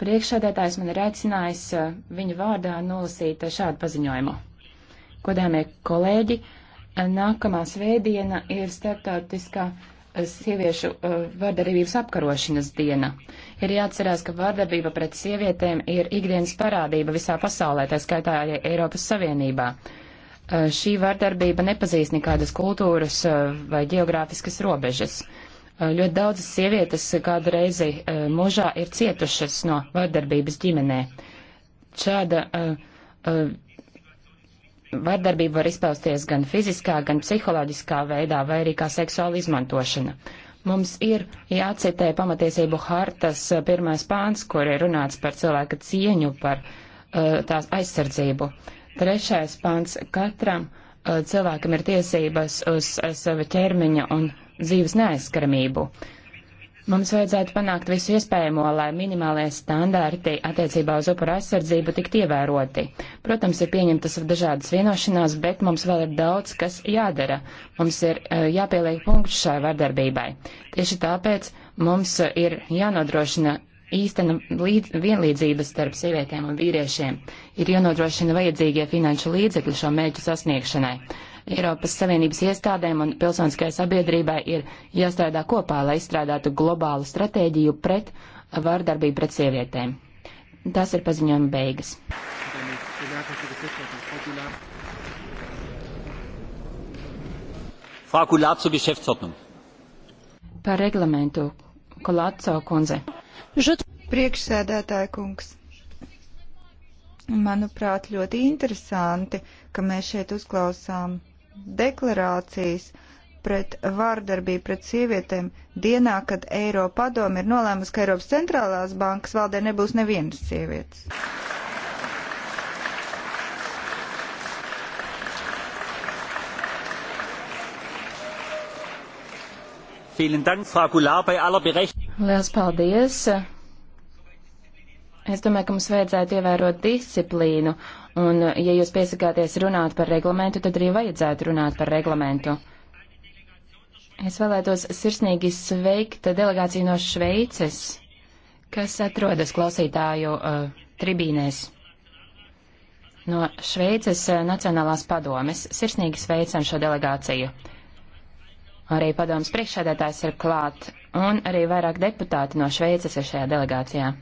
Priekšsēdētājs man ir aicinājis eh, viņu vārdā nolasīt eh, šādu paziņojumu. Godāmie kolēģi, eh, nākamā svētdiena ir starptautiskā sieviešu vardarbības apkarošanas diena. Ir jāatcerās, ka vardarbība pret sievietēm ir ikdienas parādība visā pasaulē, tā skaitā arī Eiropas Savienībā. Šī vardarbība nepazīst nekādas kultūras vai geogrāfiskas robežas. Eh, ļoti daudzas sievietes kādu reizi eh, mūžā ir cietušas no vardarbības ģimenē. Šāda eh, vardarbība var izpausties gan fiziskā, gan psiholoģiskā veidā, vai arī kā seksuāla izmantošana. Mums ir jācitē pamatiesību hartas pirmais pāns, kur ir runāts par cilvēka cieņu, par uh, tās aizsardzību. Trešais pāns - katram uh, cilvēkam ir tiesības uz uh, sava ķermeņa un dzīves neaizskaramību. Mums vajadzētu panākt visu iespējamo, lai minimālie standarti attiecībā uz upura aizsardzību tiktu ievēroti. Protams, ir pieņemtas dažādas vienošanās, bet mums vēl ir daudz, kas jādara. Mums ir eh, jāpieliek punkts šai vardarbībai. Tieši tāpēc mums ir jānodrošina īstena līdz, vienlīdzības starp sievietēm un vīriešiem. Ir jānodrošina vajadzīgie finanšu līdzekļi šo mēģu sasniegšanai. Eiropas Savienības iestādēm un pilsoniskai sabiedrībai ir jāstrādā kopā, lai izstrādātu globālu stratēģiju pret vārdarbību pret sievietēm. Tas ir paziņojuma beigas. Frau Gulat zur Geschäftsordnung. Par reglamentu Kolāco kundze. Priekšsēdētāja kungs. Manuprāt, ļoti interesanti, ka mēs šeit uzklausām deklarācijas pret vārdarbību pret sievietēm dienā, kad Eiropa padomi ir nolēmusi, ka Eiropas centrālās bankas valdē nebūs nevienas sievietes. Liels paldies! Es domāju, ka mums vajadzētu ievērot disciplīnu, un ja jūs piesakāties runāt par reglamentu, tad arī vajadzētu runāt par reglamentu. Es vēlētos sirsnīgi sveikt delegāciju no Šveices, kas atrodas klausītāju uh, tribīnēs. No Šveices uh, Nacionālās padomes sirsnīgi sveicam šo delegāciju. Arī padomas priekšsēdētājs ir klāt, un arī vairāk deputāti no Šveices ir šajā delegācijā.